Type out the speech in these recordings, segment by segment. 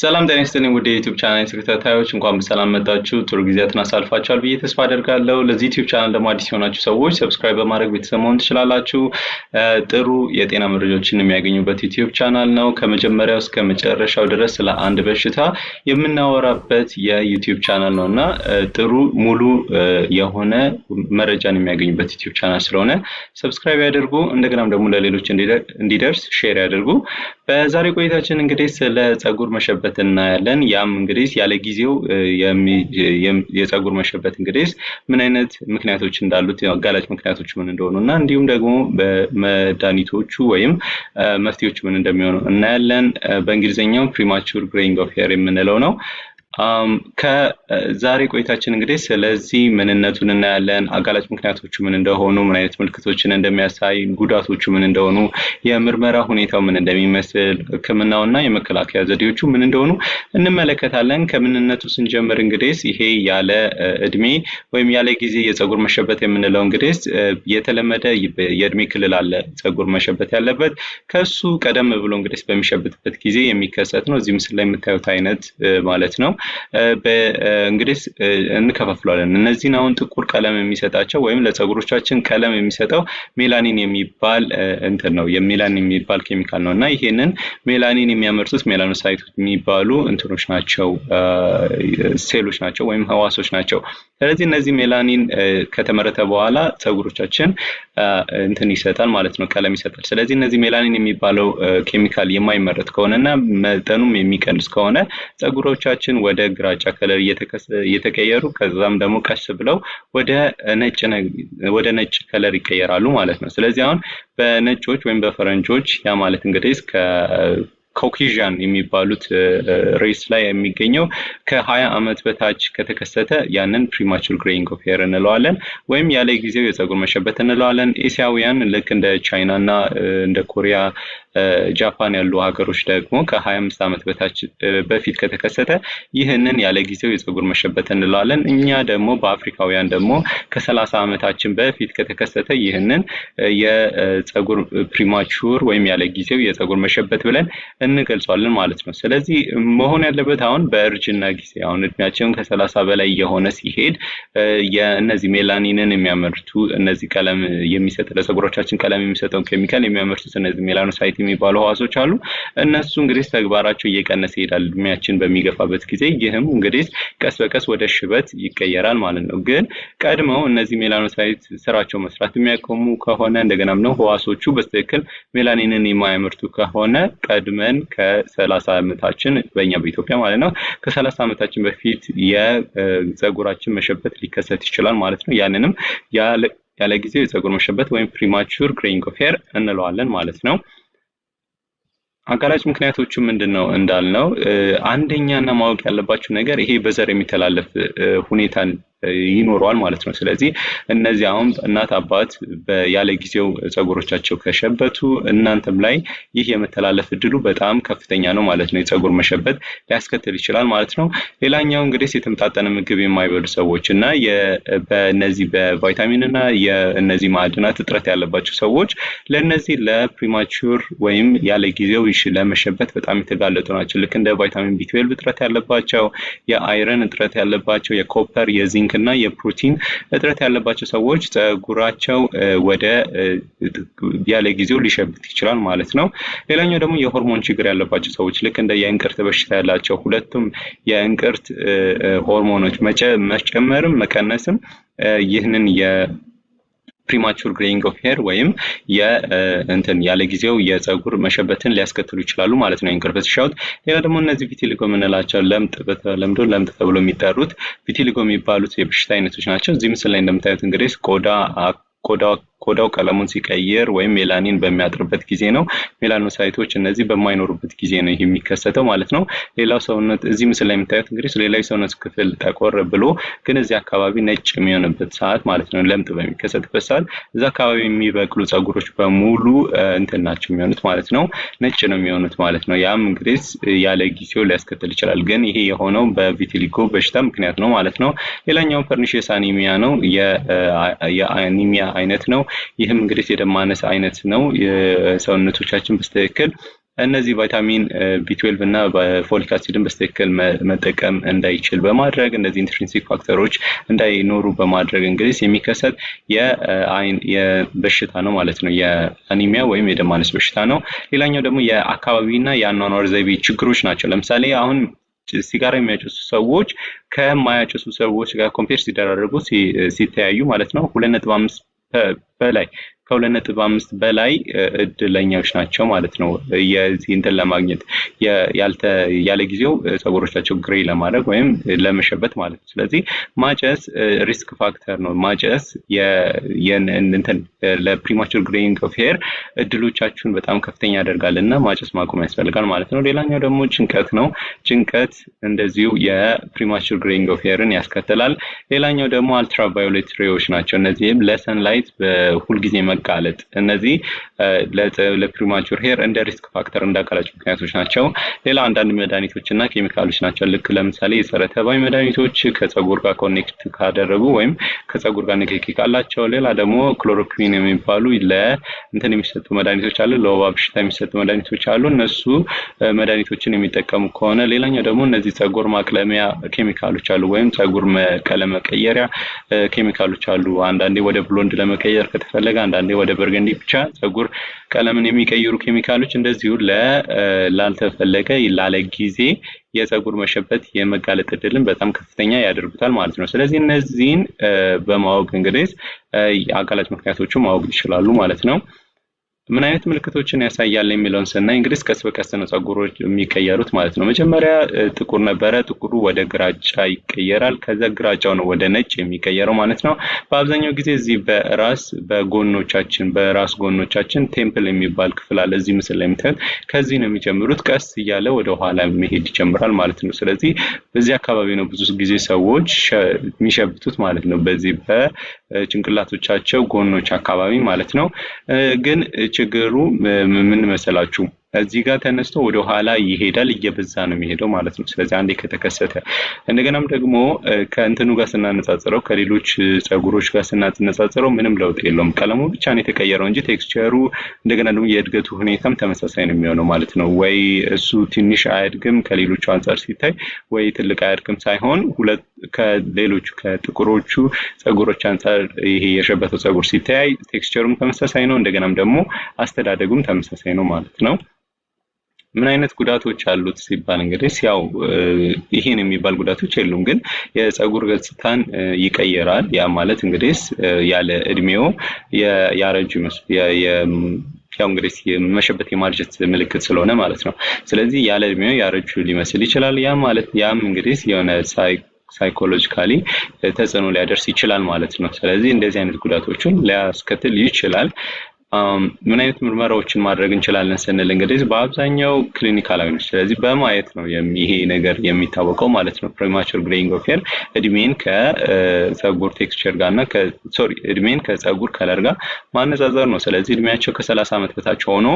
ሰላም ጤና ይስጥልኝ ውድ የዩቲዩብ ቻናል ተከታታዮች እንኳን በሰላም መጣችሁ። ጥሩ ጊዜያትን አሳልፋችኋል ብዬ ተስፋ አደርጋለሁ። ለዚህ ዩቲዩብ ቻናል ደግሞ አዲስ የሆናችሁ ሰዎች ሰብስክራይብ በማድረግ ቤተሰብ መሆን ትችላላችሁ። ጥሩ የጤና መረጃዎችን የሚያገኙበት ዩቲዩብ ቻናል ነው። ከመጀመሪያው እስከ መጨረሻው ድረስ ስለ አንድ በሽታ የምናወራበት የዩቲዩብ ቻናል ነው እና ጥሩ ሙሉ የሆነ መረጃን የሚያገኙበት ዩቲዩብ ቻናል ስለሆነ ሰብስክራይብ ያደርጉ። እንደገናም ደግሞ ለሌሎች እንዲደርስ ሼር ያደርጉ። በዛሬ ቆይታችን እንግዲህ ስለ ፀጉር መሸበት እናያለን። ያም እንግዲህ ያለ ጊዜው የፀጉር መሸበት እንግዲህ ምን አይነት ምክንያቶች እንዳሉት አጋላጭ ምክንያቶች ምን እንደሆኑ እና እንዲሁም ደግሞ በመድኃኒቶቹ ወይም መፍትሄዎቹ ምን እንደሚሆኑ እናያለን። በእንግሊዝኛው ፕሪማቹር ግሬይንግ ኦፍ ሄር የምንለው ነው። ከዛሬ ቆይታችን እንግዲህ ስለዚህ ምንነቱን እናያለን። አጋላጭ ምክንያቶቹ ምን እንደሆኑ፣ ምን አይነት ምልክቶችን እንደሚያሳይ፣ ጉዳቶቹ ምን እንደሆኑ፣ የምርመራ ሁኔታው ምን እንደሚመስል፣ ሕክምናው እና የመከላከያ ዘዴዎቹ ምን እንደሆኑ እንመለከታለን። ከምንነቱ ስንጀምር እንግዲህ ይሄ ያለ እድሜ ወይም ያለ ጊዜ የፀጉር መሸበት የምንለው እንግዲህ የተለመደ የእድሜ ክልል አለ ፀጉር መሸበት ያለበት ከሱ ቀደም ብሎ እንግዲህ በሚሸብትበት ጊዜ የሚከሰት ነው። እዚህ ምስል ላይ የምታዩት አይነት ማለት ነው። እንግዲህ እንከፋፍለዋለን። እነዚህን አሁን ጥቁር ቀለም የሚሰጣቸው ወይም ለፀጉሮቻችን ቀለም የሚሰጠው ሜላኒን የሚባል እንትን ነው የሜላኒን የሚባል ኬሚካል ነው እና ይሄንን ሜላኒን የሚያመርቱት ሜላኖሳይቶች የሚባሉ እንትኖች ናቸው፣ ሴሎች ናቸው ወይም ህዋሶች ናቸው። ስለዚህ እነዚህ ሜላኒን ከተመረተ በኋላ ፀጉሮቻችን እንትን ይሰጣል ማለት ነው፣ ቀለም ይሰጣል። ስለዚህ እነዚህ ሜላኒን የሚባለው ኬሚካል የማይመረት ከሆነ እና መጠኑም የሚቀንስ ከሆነ ፀጉሮቻችን ወደ ወደ ግራጫ ከለር እየተቀየሩ ከዛም ደግሞ ቀስ ብለው ወደ ነጭ ወደ ነጭ ከለር ይቀየራሉ ማለት ነው። ስለዚህ አሁን በነጮች ወይም በፈረንጆች ያ ማለት እንግዲህ ኮኪዣን የሚባሉት ሬስ ላይ የሚገኘው ከሀያ ዓመት በታች ከተከሰተ ያንን ፕሪማቹር ግሬይንግ ኦፍ ሄር እንለዋለን፣ ወይም ያለ ጊዜው የፀጉር መሸበት እንለዋለን። ኤስያውያን ልክ እንደ ቻይና እና እንደ ኮሪያ ጃፓን ያሉ ሀገሮች ደግሞ ከ25 ዓመት በታች በፊት ከተከሰተ ይህንን ያለ ጊዜው የፀጉር መሸበት እንለዋለን። እኛ ደግሞ በአፍሪካውያን ደግሞ ከ30 ዓመታችን በፊት ከተከሰተ ይህንን የፀጉር ፕሪማቹር ወይም ያለ ጊዜው የፀጉር መሸበት ብለን እንገልጿለን ማለት ነው። ስለዚህ መሆን ያለበት አሁን በእርጅና ጊዜ አሁን እድሜያቸውን ከ30 በላይ የሆነ ሲሄድ የእነዚህ ሜላኒንን የሚያመርቱ እነዚህ ቀለም የሚሰጥ ለፀጉሮቻችን ቀለም የሚሰጠውን ኬሚካል የሚያመርቱት እነዚህ ሜላኖሳይት የሚባሉ ህዋሶች አሉ። እነሱ እንግዲህ ተግባራቸው እየቀነሰ ይሄዳል እድሜያችን በሚገፋበት ጊዜ። ይህም እንግዲህ ቀስ በቀስ ወደ ሽበት ይቀየራል ማለት ነው። ግን ቀድመው እነዚህ ሜላኖሳይት ስራቸው መስራት የሚያቆሙ ከሆነ እንደገናም ነው ህዋሶቹ በትክክል ሜላኒንን የማያመርቱ ከሆነ ቀድመን ከሰላሳ ዓመታችን በእኛ በኢትዮጵያ ማለት ነው ከሰላሳ ዓመታችን በፊት የፀጉራችን መሸበት ሊከሰት ይችላል ማለት ነው። ያንንም ያለ ጊዜው የፀጉር መሸበት ወይም ፕሪማቹር ግሬይንግ ኦፍ ሄር እንለዋለን ማለት ነው። አጋላጭ ምክንያቶቹ ምንድን ነው እንዳልነው አንደኛና ማወቅ ያለባቸው ነገር ይሄ በዘር የሚተላለፍ ሁኔታን ይኖረዋል ማለት ነው። ስለዚህ እነዚህ አሁን እናት አባት ያለ ጊዜው ፀጉሮቻቸው ከሸበቱ እናንተም ላይ ይህ የመተላለፍ እድሉ በጣም ከፍተኛ ነው ማለት ነው። የጸጉር መሸበት ሊያስከትል ይችላል ማለት ነው። ሌላኛው እንግዲህ የተመጣጠነ ምግብ የማይበሉ ሰዎች እና በነዚህ በቫይታሚን እና የእነዚህ ማዕድናት እጥረት ያለባቸው ሰዎች ለእነዚህ ለፕሪማቹር ወይም ያለ ጊዜው ለመሸበት በጣም የተጋለጡ ናቸው። ልክ እንደ ቫይታሚን ቢ እጥረት ያለባቸው፣ የአይረን እጥረት ያለባቸው፣ የኮፐር የዚንክ የዚንክ እና የፕሮቲን እጥረት ያለባቸው ሰዎች ጸጉራቸው ወደ ያለ ጊዜው ሊሸብት ይችላል ማለት ነው። ሌላኛው ደግሞ የሆርሞን ችግር ያለባቸው ሰዎች ልክ እንደ የእንቅርት በሽታ ያላቸው ሁለቱም የእንቅርት ሆርሞኖች መጨመርም መቀነስም ይህንን ፕሪማቹር ግሬይንግ ኦፍ ሄር ወይም የእንትን ያለ ጊዜው የፀጉር መሸበትን ሊያስከትሉ ይችላሉ ማለት ነው። ኢንከርፈስ ሻውት። ሌላ ደግሞ እነዚህ ቪቲሊጎ የምንላቸው ለምጥ በተለምዶ ለምጥ ተብሎ የሚጠሩት ቪቲሊጎ የሚባሉት የበሽታ አይነቶች ናቸው። እዚህ ምስል ላይ እንደምታዩት እንግዲህ ቆዳ ቆዳ ቆዳው ቀለሙን ሲቀይር ወይም ሜላኒን በሚያጥርበት ጊዜ ነው። ሜላኖሳይቶች እነዚህ በማይኖሩበት ጊዜ ነው ይህ የሚከሰተው ማለት ነው። ሌላው ሰውነት እዚህ ምስል ላይ የምታዩት እንግዲህ ሌላው የሰውነት ክፍል ጠቆር ብሎ ግን እዚህ አካባቢ ነጭ የሚሆንበት ሰዓት ማለት ነው ለምጥ በሚከሰትበት ሰዓት እዛ አካባቢ የሚበቅሉ ጸጉሮች በሙሉ እንትን ናቸው የሚሆኑት ማለት ነው። ነጭ ነው የሚሆኑት ማለት ነው። ያም እንግዲህ ያለ ጊዜው ሊያስከትል ይችላል። ግን ይሄ የሆነው በቪቲሊጎ በሽታ ምክንያት ነው ማለት ነው። ሌላኛው ፐርኒሽስ አኒሚያ ነው። የአኒሚያ አይነት ነው። ይህም እንግዲህ የደም ማነስ አይነት ነው። የሰውነቶቻችን በስትክክል እነዚህ ቫይታሚን ቢ12 እና ፎሊክ አሲድን በስትክክል መጠቀም እንዳይችል በማድረግ እነዚህ ኢንትሪንሲክ ፋክተሮች እንዳይኖሩ በማድረግ እንግዲህ የሚከሰት የአይን በሽታ ነው ማለት ነው። የአኒሚያ ወይም የደም ማነስ በሽታ ነው። ሌላኛው ደግሞ የአካባቢና የአኗኗር ዘይቤ ችግሮች ናቸው። ለምሳሌ አሁን ሲጋራ የሚያጨሱ ሰዎች ከማያጨሱ ሰዎች ጋር ኮምፔር ሲደራረጉ ሲተያዩ ማለት ነው ሁለት ነጥብ አምስት በላይ ከሁለት ነጥብ አምስት በላይ እድለኞች ናቸው ማለት ነው። የዚህ እንትን ለማግኘት ያለ ጊዜው ፀጉሮቻቸው ግሬ ለማድረግ ወይም ለመሸበት ማለት ነው። ስለዚህ ማጨስ ሪስክ ፋክተር ነው። ማጨስ እንትን ለፕሪማቹር ግሬይንግ ኦፍ ሄር እድሎቻችሁን በጣም ከፍተኛ ያደርጋል እና ማጨስ ማቆም ያስፈልጋል ማለት ነው። ሌላኛው ደግሞ ጭንቀት ነው። ጭንቀት እንደዚሁ የፕሪማቹር ግሬይንግ ኦፍ ሄርን ያስከትላል። ሌላኛው ደግሞ አልትራቫዮሌት ሬዎች ናቸው። እነዚህም ለሰንላይት በሁልጊዜ መጋለጥ እነዚህ ለፕሪማቹር ሄር እንደ ሪስክ ፋክተር እንዳጋላጭ ምክንያቶች ናቸው። ሌላ አንዳንድ መድኃኒቶች እና ኬሚካሎች ናቸው። ልክ ለምሳሌ የጸረ ተባይ መድኃኒቶች ከጸጉር ጋር ኮኔክት ካደረጉ ወይም ከጸጉር ጋር ንክኪ ካላቸው፣ ሌላ ደግሞ ክሎሮክዊን ፔኒሲሊን የሚባሉ ለእንትን የሚሰጡ መድኃኒቶች አሉ፣ ለወባ በሽታ የሚሰጡ መድኃኒቶች አሉ። እነሱ መድኃኒቶችን የሚጠቀሙ ከሆነ ሌላኛው ደግሞ እነዚህ ጸጉር ማቅለሚያ ኬሚካሎች አሉ፣ ወይም ጸጉር ቀለም መቀየሪያ ኬሚካሎች አሉ። አንዳንዴ ወደ ብሎንድ ለመቀየር ከተፈለገ፣ አንዳንዴ ወደ በርገንዲ ብቻ ጸጉር ቀለምን የሚቀይሩ ኬሚካሎች እንደዚሁ ላልተፈለገ ላለ ጊዜ የፀጉር መሸበት የመጋለጥ እድልን በጣም ከፍተኛ ያደርጉታል ማለት ነው። ስለዚህ እነዚህን በማወቅ እንግዲህ የአጋላጭ ምክንያቶቹ ማወቅ ይችላሉ ማለት ነው። ምን አይነት ምልክቶችን ያሳያል የሚለውን ስናይ እንግዲህ ቀስ በቀስ ነው ጸጉሮች የሚቀየሩት ማለት ነው። መጀመሪያ ጥቁር ነበረ። ጥቁሩ ወደ ግራጫ ይቀየራል። ከዛ ግራጫው ነው ወደ ነጭ የሚቀየረው ማለት ነው። በአብዛኛው ጊዜ እዚህ በራስ በጎኖቻችን በራስ ጎኖቻችን ቴምፕል የሚባል ክፍል አለ። እዚህ ምስል ላይ የምታዩት ከዚህ ነው የሚጀምሩት። ቀስ እያለ ወደ ኋላ መሄድ ይጀምራል ማለት ነው። ስለዚህ በዚህ አካባቢ ነው ብዙ ጊዜ ሰዎች የሚሸብቱት ማለት ነው። በዚህ ጭንቅላቶቻቸው ጎኖች አካባቢ ማለት ነው። ግን ችግሩ ምን መሰላችሁ? እዚህ ጋር ተነስቶ ወደ ኋላ ይሄዳል፣ እየበዛ ነው የሚሄደው ማለት ነው። ስለዚህ አንዴ ከተከሰተ እንደገናም ደግሞ ከእንትኑ ጋር ስናነጻጽረው ከሌሎች ፀጉሮች ጋር ስናነጻጽረው ምንም ለውጥ የለውም። ቀለሙ ብቻ ነው የተቀየረው እንጂ ቴክስቸሩ፣ እንደገና ደግሞ የእድገቱ ሁኔታም ተመሳሳይ ነው የሚሆነው ማለት ነው። ወይ እሱ ትንሽ አያድግም ከሌሎቹ አንጻር ሲታይ፣ ወይ ትልቅ አያድግም ሳይሆን ሁለት ከሌሎቹ ከጥቁሮቹ ፀጉሮች አንጻር ይሄ የሸበተው ፀጉር ሲተያይ ቴክስቸሩም ተመሳሳይ ነው። እንደገናም ደግሞ አስተዳደጉም ተመሳሳይ ነው ማለት ነው። ምን አይነት ጉዳቶች አሉት ሲባል እንግዲህ ያው ይህን የሚባል ጉዳቶች የሉም፣ ግን የፀጉር ገጽታን ይቀይራል። ያ ማለት እንግዲህ ያለ እድሜው ያረጁ ያው እንግዲህ መሸበት የማርጀት ምልክት ስለሆነ ማለት ነው። ስለዚህ ያለ እድሜው ያረጁ ሊመስል ይችላል። ያ ማለት ያም እንግዲህ የሆነ ሳይ ሳይኮሎጂካሊ ተጽዕኖ ሊያደርስ ይችላል ማለት ነው። ስለዚህ እንደዚህ አይነት ጉዳቶችን ሊያስከትል ይችላል። ምን አይነት ምርመራዎችን ማድረግ እንችላለን ስንል እንግዲህ በአብዛኛው ክሊኒካላዊ ነው። ስለዚህ በማየት ነው ይሄ ነገር የሚታወቀው ማለት ነው። ፕሪማቸር ግሬይንግ ኦፍ ሄር እድሜን ከፀጉር ቴክስቸር ጋር እና ሶሪ እድሜን ከጸጉር ከለር ጋር ማነጻጸር ነው። ስለዚህ እድሜያቸው ከሰላሳ ዓመት በታች ሆኖ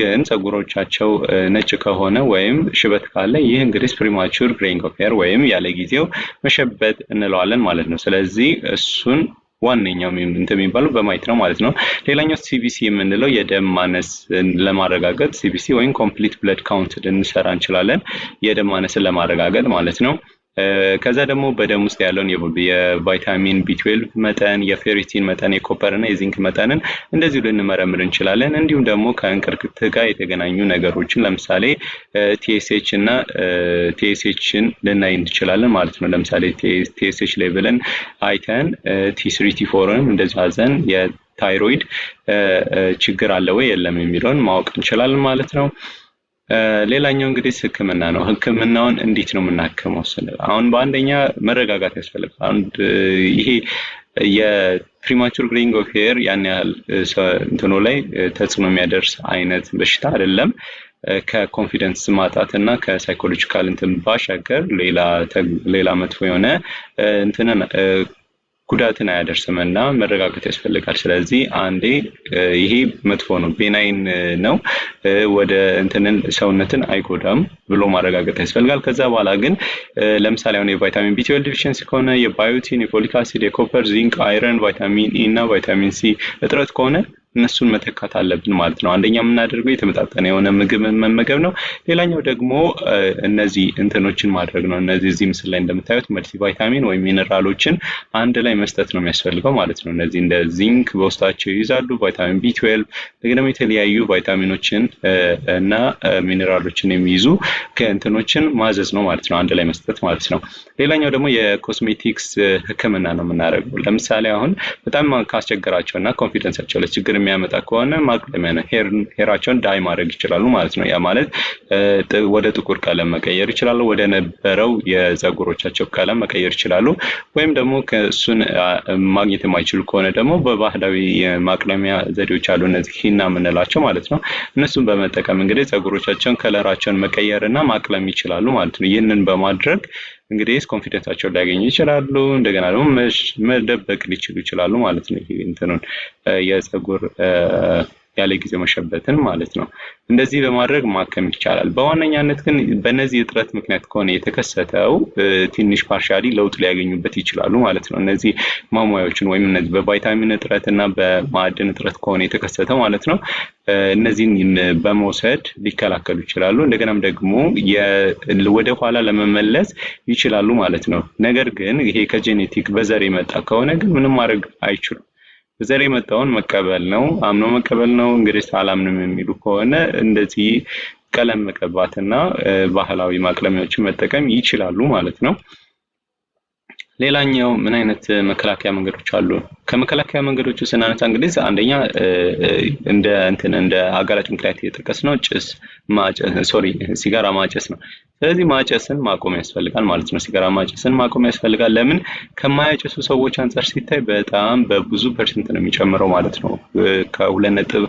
ግን ፀጉሮቻቸው ነጭ ከሆነ ወይም ሽበት ካለ ይህ እንግዲህ ፕሪማቸር ግሬይንግ ኦፍ ሄር ወይም ያለ ጊዜው መሸበት እንለዋለን ማለት ነው። ስለዚህ እሱን ዋነኛው እንትን የሚባለው በማየት ነው ማለት ነው። ሌላኛው ሲቢሲ የምንለው የደም ማነስን ለማረጋገጥ ሲቢሲ ወይም ኮምፕሊት ብለድ ካውንት ልንሰራ እንችላለን። የደም ማነስን ለማረጋገጥ ማለት ነው። ከዛ ደግሞ በደም ውስጥ ያለውን የቫይታሚን ቢ12 መጠን፣ የፌሪቲን መጠን፣ የኮፐር እና የዚንክ መጠንን እንደዚሁ ልንመረምር እንችላለን። እንዲሁም ደግሞ ከእንቅርት ጋር የተገናኙ ነገሮችን ለምሳሌ ቲኤስኤች እና ቲኤስኤችን ልናይ እንችላለን ማለት ነው። ለምሳሌ ቲኤስኤች ሌቭልን አይተን ቲስሪ ቲፎርን እንደዚሁ አዘን የታይሮይድ ችግር አለ ወይ የለም የሚለውን ማወቅ እንችላለን ማለት ነው። ሌላኛው እንግዲህ ህክምና ነው። ህክምናውን እንዴት ነው የምናክመው ስንል አሁን በአንደኛ መረጋጋት ያስፈልጋል። አሁን ይሄ የፕሪማቹር ግሪንግ ኦፍ ሄር ያን ያህል እንትኖ ላይ ተጽዕኖ የሚያደርስ አይነት በሽታ አይደለም። ከኮንፊደንስ ማጣት እና ከሳይኮሎጂካል እንትን ባሻገር ሌላ መጥፎ የሆነ እንትን ጉዳትን አያደርስም እና መረጋጋት ያስፈልጋል። ስለዚህ አንዴ ይሄ መጥፎ ነው፣ ቤናይን ነው፣ ወደ እንትንን ሰውነትን አይጎዳም ብሎ ማረጋገጥ ያስፈልጋል። ከዛ በኋላ ግን ለምሳሌ አሁን የቫይታሚን ቢ12 ዲፊሽንሲ ከሆነ የባዮቲን፣ የፎሊክ አሲድ፣ የኮፐር፣ ዚንክ፣ አይረን፣ ቫይታሚን ኢ እና ቫይታሚን ሲ እጥረት ከሆነ እነሱን መተካት አለብን ማለት ነው። አንደኛ የምናደርገው የተመጣጠነ የሆነ ምግብ መመገብ ነው። ሌላኛው ደግሞ እነዚህ እንትኖችን ማድረግ ነው። እነዚህ እዚህ ምስል ላይ እንደምታዩት መልቲ ቫይታሚን ወይም ሚኔራሎችን አንድ ላይ መስጠት ነው የሚያስፈልገው ማለት ነው። እነዚህ እንደ ዚንክ በውስጣቸው ይይዛሉ። ቫይታሚን ቢ12 እንደገና የተለያዩ ቫይታሚኖችን እና ሚኔራሎችን የሚይዙ ከእንትኖችን ማዘዝ ነው ማለት ነው። አንድ ላይ መስጠት ማለት ነው። ሌላኛው ደግሞ የኮስሜቲክስ ሕክምና ነው የምናደርገው። ለምሳሌ አሁን በጣም ካስቸገራቸው እና ኮንፊደንሳቸው ለችግር የሚያመጣ ከሆነ ማቅለሚያ ነው። ሄራቸውን ዳይ ማድረግ ይችላሉ ማለት ነው። ያ ማለት ወደ ጥቁር ቀለም መቀየር ይችላሉ። ወደ ነበረው የፀጉሮቻቸው ቀለም መቀየር ይችላሉ። ወይም ደግሞ ከእሱን ማግኘት የማይችሉ ከሆነ ደግሞ በባህላዊ የማቅለሚያ ዘዴዎች አሉ። እነዚህ ሂና የምንላቸው ማለት ነው። እነሱን በመጠቀም እንግዲህ ፀጉሮቻቸውን ከለራቸውን መቀየር እና ማቅለም ይችላሉ ማለት ነው። ይህንን በማድረግ እንግዲህ ኮንፊደንሳቸውን ሊያገኙ ይችላሉ። እንደገና ደግሞ መደበቅ ሊችሉ ይችላሉ ማለት ነው። እንትኑን የፀጉር ያለ ጊዜው መሸበትን ማለት ነው። እንደዚህ በማድረግ ማከም ይቻላል። በዋነኛነት ግን በእነዚህ እጥረት ምክንያት ከሆነ የተከሰተው ትንሽ ፓርሻሊ ለውጥ ሊያገኙበት ይችላሉ ማለት ነው። እነዚህ ማሟያዎችን ወይም እነዚህ በቫይታሚን እጥረት እና በማዕድን እጥረት ከሆነ የተከሰተው ማለት ነው እነዚህን በመውሰድ ሊከላከሉ ይችላሉ። እንደገናም ደግሞ ወደ ኋላ ለመመለስ ይችላሉ ማለት ነው። ነገር ግን ይሄ ከጄኔቲክ በዘር የመጣ ከሆነ ግን ምንም ማድረግ አይችሉም። በዘር የመጣውን መቀበል ነው፣ አምኖ መቀበል ነው። እንግዲህ አላምንም የሚሉ ከሆነ እንደዚህ ቀለም መቀባትና ባህላዊ ማቅለሚያዎችን መጠቀም ይችላሉ ማለት ነው። ሌላኛው ምን አይነት መከላከያ መንገዶች አሉ? ከመከላከያ ውስጥ ስናነሳ እንግዲህ አንደኛ እንደ እንትን እንደ አጋላጭ ምክንያት እየጠቀስ ነው ጭስ ሶሪ ሲጋራ ማጨስ ነው። ስለዚህ ማጨስን ማቆም ያስፈልጋል ማለት ነው። ሲጋራ ማጨስን ማቆም ያስፈልጋል። ለምን ከማያጨሱ ሰዎች አንጻር ሲታይ በጣም በብዙ ፐርሰንት ነው የሚጨምረው ማለት ነው። ከሁለት ነጥብ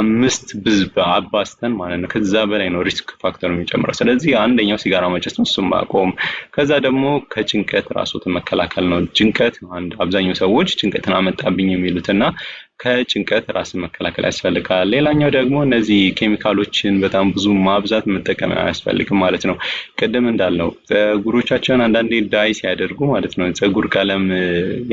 አምስት ብዝ በአባስተን ማለት ነው። ከዛ በላይ ነው ሪስክ ፋክተር የሚጨምረው። ስለዚህ አንደኛው ሲጋራ ማጨስ ነው፣ እሱም ማቆም። ከዛ ደግሞ ከጭንቀት ራሱ መከላከል ነው። ጭንቀት አብዛኛው ሰዎች ጭንቀትን አመጣብኝ የሚሉት እና ከጭንቀት ራስን መከላከል ያስፈልጋል። ሌላኛው ደግሞ እነዚህ ኬሚካሎችን በጣም ብዙ ማብዛት መጠቀም አያስፈልግም ማለት ነው። ቅድም እንዳልነው ፀጉሮቻቸውን አንዳንዴ ዳይ ሲያደርጉ ማለት ነው ፀጉር ቀለም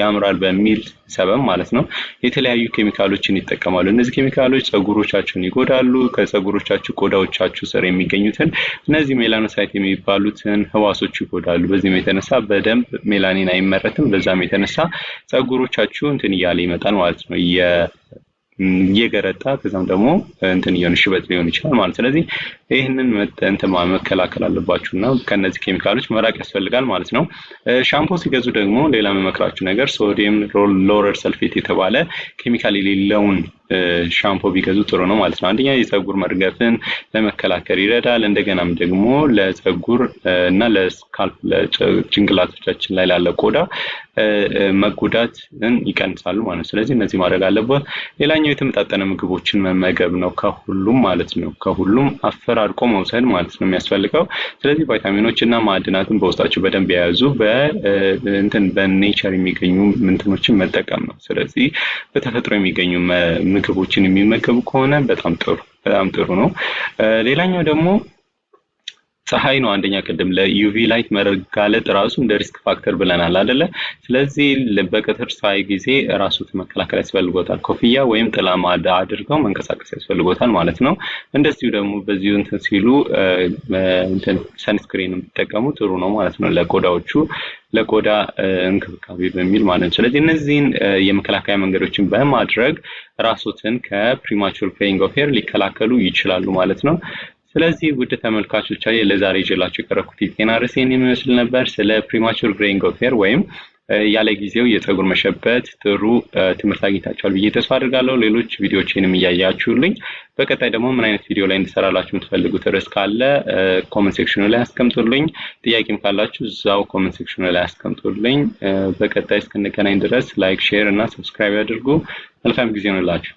ያምራል በሚል ሰበብ ማለት ነው የተለያዩ ኬሚካሎችን ይጠቀማሉ። እነዚህ ኬሚካሎች ፀጉሮቻቸውን ይጎዳሉ። ከፀጉሮቻችሁ ቆዳዎቻችሁ ስር የሚገኙትን እነዚህ ሜላኖሳይት የሚባሉትን ህዋሶች ይጎዳሉ። በዚህም የተነሳ በደንብ ሜላኒን አይመረትም። በዛም የተነሳ ፀጉሮቻችሁ እንትን እያለ ይመጣል ማለት ነው እየገረጣ ከዛም ደግሞ እንትን እየሆነ ሽበት ሊሆን ይችላል ማለት። ስለዚህ ይህንን እንትን መከላከል አለባችሁ እና ከነዚህ ኬሚካሎች መራቅ ያስፈልጋል ማለት ነው። ሻምፖ ሲገዙ ደግሞ ሌላ የምመክራችሁ ነገር ሶዲየም ሎረር ሰልፌት የተባለ ኬሚካል የሌለውን ሻምፖ ቢገዙ ጥሩ ነው ማለት ነው። አንደኛ የፀጉር መርገፍን ለመከላከል ይረዳል። እንደገናም ደግሞ ለፀጉር እና ለስካልፕ ጭንቅላቶቻችን ላይ ላለ ቆዳ መጎዳትን ይቀንሳሉ ማለት ነው። ስለዚህ እነዚህ ማድረግ አለበት። ሌላኛው የተመጣጠነ ምግቦችን መመገብ ነው፣ ከሁሉም ማለት ነው። ከሁሉም አፈራርቆ መውሰድ ማለት ነው የሚያስፈልገው። ስለዚህ ቫይታሚኖች እና ማዕድናትን በውስጣቸው በደንብ የያዙ በእንትን በኔቸር የሚገኙ ምንትኖችን መጠቀም ነው። ስለዚህ በተፈጥሮ የሚገኙ ምግቦችን የሚመገቡ ከሆነ በጣም ጥሩ በጣም ጥሩ ነው። ሌላኛው ደግሞ ፀሐይ ነው አንደኛ። ቅድም ለዩቪ ላይት መጋለጥ ራሱ እንደ ሪስክ ፋክተር ብለናል አደለ? ስለዚህ በቀትር ፀሐይ ጊዜ ራሱ መከላከል ያስፈልጎታል። ኮፍያ ወይም ጥላ ማዳ አድርገው መንቀሳቀስ ያስፈልጎታል ማለት ነው። እንደዚሁ ደግሞ በዚሁ እንትን ሲሉ ሰንስክሪን የሚጠቀሙ ጥሩ ነው ማለት ነው ለቆዳዎቹ ለቆዳ እንክብካቤ በሚል ማለት ነው። ስለዚህ እነዚህን የመከላከያ መንገዶችን በማድረግ ራሶትን ከፕሪማቹር ፔይንግ ኦፌር ሊከላከሉ ይችላሉ ማለት ነው። ስለዚህ ውድ ተመልካቾቻችን ለዛሬ ይዤላችሁ የቀረብኩት የጤና ርዕስ የሚመስል ነበር። ስለ ፕሪማቹር ግሬይንግ ኦፍ ሄር ወይም ያለ ጊዜው የፀጉር መሸበት ጥሩ ትምህርት አግኝታችኋል ብዬ ተስፋ አድርጋለሁ። ሌሎች ቪዲዮችንም እያያችሁልኝ በቀጣይ ደግሞ ምን አይነት ቪዲዮ ላይ እንድሰራላችሁ የምትፈልጉት ርዕስ ካለ ኮመንት ሴክሽኑ ላይ አስቀምጡልኝ። ጥያቄም ካላችሁ እዛው ኮመንት ሴክሽኑ ላይ አስቀምጡልኝ። በቀጣይ እስክንገናኝ ድረስ ላይክ፣ ሼር እና ሰብስክራይብ ያድርጉ። መልካም ጊዜ ሆንላችሁ።